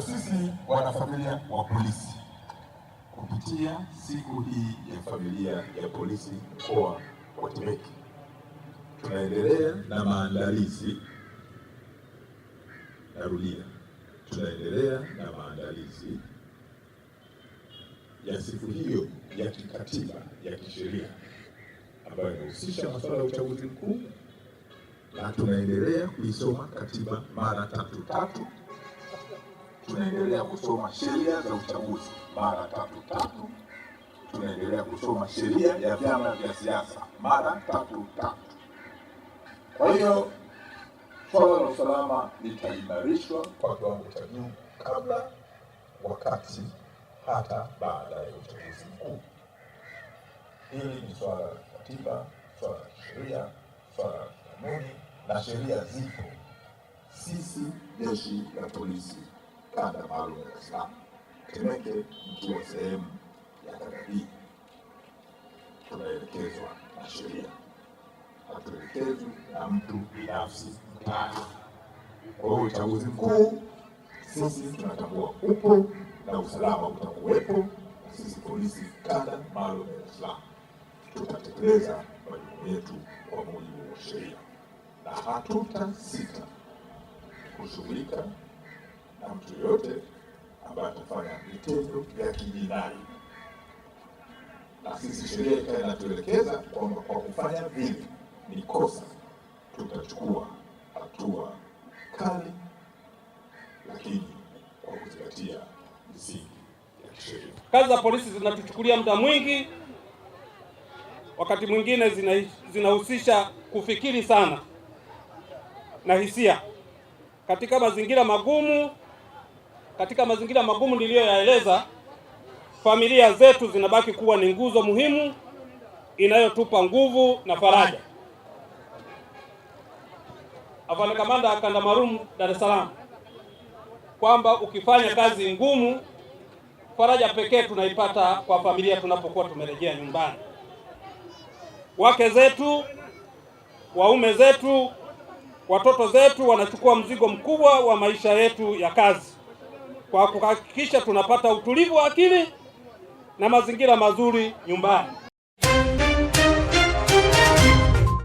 Sisi wanafamilia wa polisi kupitia siku hii ya familia ya polisi mkoa wa Temeke tunaendelea na maandalizi. Narudia, tunaendelea na maandalizi ya siku hiyo ya kikatiba ya kisheria ambayo inahusisha masuala ya uchaguzi mkuu, na tunaendelea kuisoma katiba mara tatu tatu tunaendelea kusoma sheria za uchaguzi mara tatu tatu, tunaendelea kusoma sheria ya vyama vya siasa mara tatu tatu. Kwa hiyo swala la usalama litaimarishwa kwa kiwango cha juu kabla, wakati, hata baada ya uchaguzi mkuu. Hili ni swala la katiba, swala la kisheria swala la kanuni, na sheria zipo. Sisi jeshi la polisi kanda maalum ya es Temeke, sehemu ya kanda hii, tunaelekezwa na sheria, hatuelekezwi na mtu binafsi mtaani. Kwa hiyo uchaguzi mkuu sisi tunatambua upo na usalama utakuwepo, na sisi polisi kanda maalum ya Dar tutatekeleza majukumu yetu kwa mujibu wa sheria na sita kushughulika mtu yoyote ambaye atafanya vitendo vya kijinai, na sisi sheria ikawa inatuelekeza kwamba kwa kufanya vile ni kosa, tutachukua hatua kali, lakini kwa kuzingatia misingi ya kisheria. Kazi za polisi zinatuchukulia muda mwingi, wakati mwingine zinahusisha zina kufikiri sana na hisia katika mazingira magumu katika mazingira magumu niliyoyaeleza, familia zetu zinabaki kuwa ni nguzo muhimu inayotupa nguvu na faraja. Afande Kamanda Kanda Maalum, Dar es Salaam, kwamba ukifanya kazi ngumu, faraja pekee tunaipata kwa familia tunapokuwa tumerejea nyumbani. Wake zetu, waume zetu, watoto zetu wanachukua mzigo mkubwa wa maisha yetu ya kazi kwa kuhakikisha tunapata utulivu wa akili na mazingira mazuri nyumbani.